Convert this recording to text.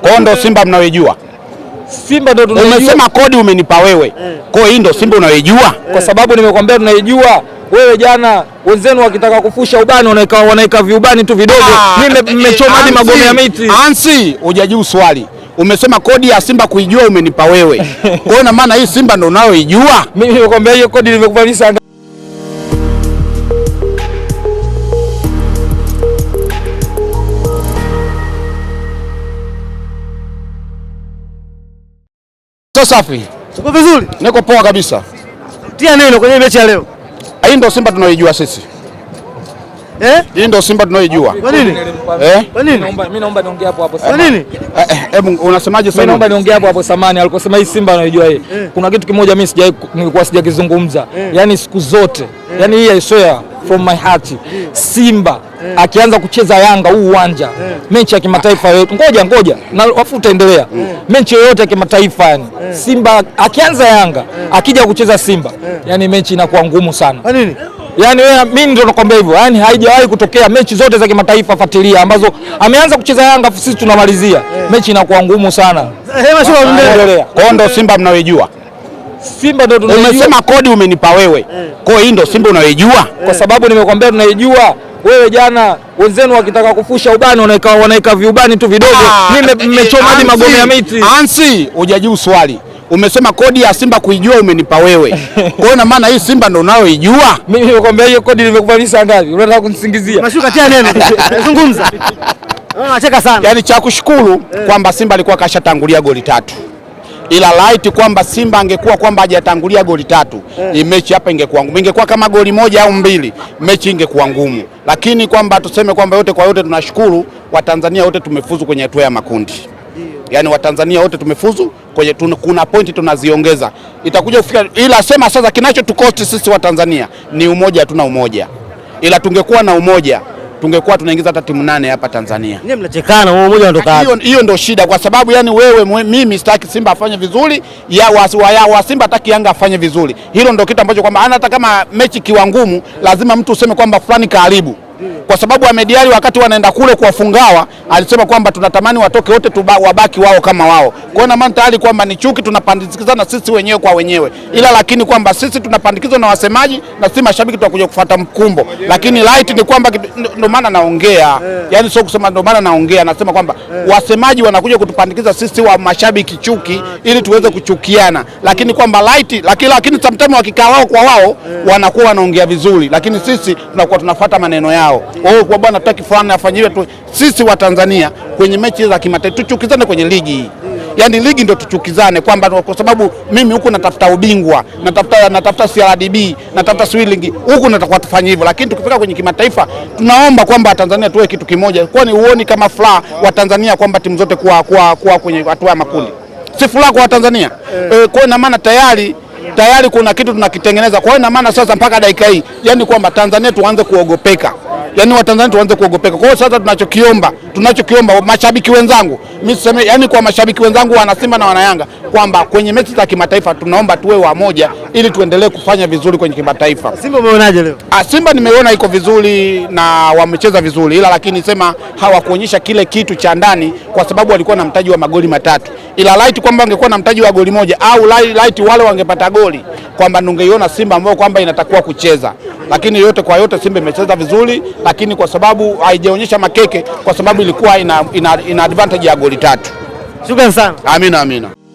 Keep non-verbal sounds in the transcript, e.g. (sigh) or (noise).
Kwa ndo Simba mnayoijua? Simba ndo tunaijua. Umesema kodi umenipa wewe, eh. kwa hii ndo Simba unayoijua? Eh. Kwa sababu nimekwambia tunaijua. Wewe jana wenzenu wakitaka kufusha ubani wanaika wanaika viubani tu vidogo, ah, mimi nimechoma eh, hadi magome ya miti. Ansi, hujajuu swali umesema kodi ya Simba kuijua umenipa wewe, (laughs) kwa hiyo na maana hii Simba ndo unayoijua? Mimi nimekwambia hiyo kodi nimekupa mimi sio safi. Tuko vizuri? Niko poa kabisa. Tia neno kwenye mechi ya leo. Hii ndio Simba tunaoijua sisi. Eh? Hii ndio Simba tunaoijua. Kwa nini? Eh? Kwa nini? Mimi naomba niongee hapo hapo. Kwa nini? Hebu unasemaje sasa? Mimi naomba niongee hapo hapo eh, eh, eh, samani Alikosema hii Simba anaijua yeye. Kuna kitu kimoja mimi sijai nilikuwa sijakizungumza. Yaani siku zote. Yaani hii I swear from my heart. Simba akianza kucheza Yanga huu uwanja mechi ya kimataifa yoyote, ngoja ngoja, na wafu utaendelea mechi yoyote ya kimataifa yani, Simba akianza Yanga akija kucheza Simba, Yaani mechi inakuwa ngumu sana. Kwa nini? Yani wewe mimi ndio nakwambia hivyo. Yaani haijawahi kutokea mechi zote za kimataifa fuatilia ambazo ameanza kucheza Yanga sisi tunamalizia. Yeah. Mechi inakuwa ngumu sana. Eh, Kwa hiyo Kondo Simba mnaoijua. Simba ndio tunaijua. Umesema kodi umenipa wewe. Eh. Kwa hiyo hii ndio Simba unaoijua? Kwa eh. sababu nimekwambia tunaijua. Wewe jana wenzenu wakitaka kufusha ubani wanaika wanaika viubani tu vidogo. Ah. Mimi nimechoma hadi magome ya miti. Ansi, hujajibu swali umesema kodi ya Simba kuijua umenipa wewe. (laughs) Kwa hiyo na maana hii Simba ndio unayoijua. Mimi nimekwambia hiyo kodi nimekuvalisha ngapi? Unataka kunisingizia? Unashuka tia neno. (laughs) Zungumza. Unacheka (laughs) ah, sana. Yaani cha kushukuru eh. kwamba Simba alikuwa kashatangulia goli tatu. Ila light kwamba Simba angekuwa kwamba hajatangulia goli tatu, eh. hii mechi hapa ingekuwa ngumu. Ingekuwa kama goli moja au mbili, mechi ingekuwa ngumu. Lakini kwamba tuseme kwamba yote kwa yote tunashukuru Watanzania wote tumefuzu kwenye hatua ya makundi yani Watanzania wote tumefuzu kwenye, kuna pointi tunaziongeza itakuja kufika, ila sema sasa kinachotukosti sisi Watanzania ni umoja. Hatuna umoja, ila tungekuwa na umoja tungekuwa tunaingiza hata timu nane hapa Tanzania. Ninyi mnachekana wao mmoja anatoka. Hiyo hiyo ndio shida kwa sababu yani wewe mwe, mimi sitaki Simba afanye vizuri, ya wa Simba hataki Yanga afanye vizuri. Hilo ndio kitu ambacho kwamba hata kama mechi kiwa ngumu lazima mtu useme kwamba fulani kaharibu. Hmm kwa sababu amediari wakati wanaenda kule kuwafungawa alisema kwamba tunatamani watoke wote wabaki wao kama wao. Kwa hiyo na maana tayari kwamba ni chuki tunapandikizana sisi wenyewe kwa wenyewe, ila lakini kwamba sisi tunapandikizwa na wasemaji na si mashabiki tunakuja kufuata mkumbo, lakini light ni kwamba ndio maana naongea, eh. yani sio kusema ndio maana naongea, nasema kwamba eh. wasemaji wanakuja kutupandikiza sisi wa mashabiki ah, chuki ili tuweze kuchukiana, lakini kwamba light, lakini lakini sometimes wakikaa wao kwa wao eh. wanakuwa wanaongea vizuri, lakini sisi tunakuwa tunafuata maneno yao. Kwa hiyo kwa bwana tutaki fulani afanyiwe tu, sisi wa Tanzania kwenye mechi za kimataifa tuchukizane kwenye ligi hii yaani ligi ndio tuchukizane, kwamba kwa sababu mimi huku natafuta ubingwa, natafuta natafuta CRDB, natafuta swilling huku, natakuwa tufanye hivyo, lakini tukifika kwenye kimataifa tunaomba kwamba Tanzania tuwe kitu kimoja. Kwani huoni kama furaha wa Tanzania kwamba timu zote kuwa, kuwa, kuwa kwenye hatua ya makundi? Si furaha kwa Watanzania e, eh. eh, kwa ina maana tayari tayari kuna kitu tunakitengeneza. Kwa hiyo ina maana sasa mpaka dakika hii, yaani kwamba Tanzania tuanze kuogopeka yani Watanzania tuanze kuogopeka. Kwa hiyo sasa tunachokiomba tunachokiomba mashabiki wenzangu, mimi sema yani kwa mashabiki wenzangu wana Simba na wana Yanga kwamba kwenye mechi za kimataifa tunaomba tuwe wamoja ili tuendelee kufanya vizuri kwenye kimataifa. Simba umeonaje leo? Ah, Simba nimeona iko vizuri na wamecheza vizuri, ila lakini sema hawakuonyesha kile kitu cha ndani, kwa sababu walikuwa na mtaji wa magoli matatu, ila light kwamba wangekuwa na mtaji wa goli moja au light wale wangepata goli kwamba nungeiona Simba ambayo kwamba inatakiwa kucheza, lakini yote kwa yote Simba imecheza vizuri, lakini kwa sababu haijaonyesha makeke, kwa sababu ilikuwa ina, ina, ina advantage ya goli tatu. Shukrani sana. Amina, amina.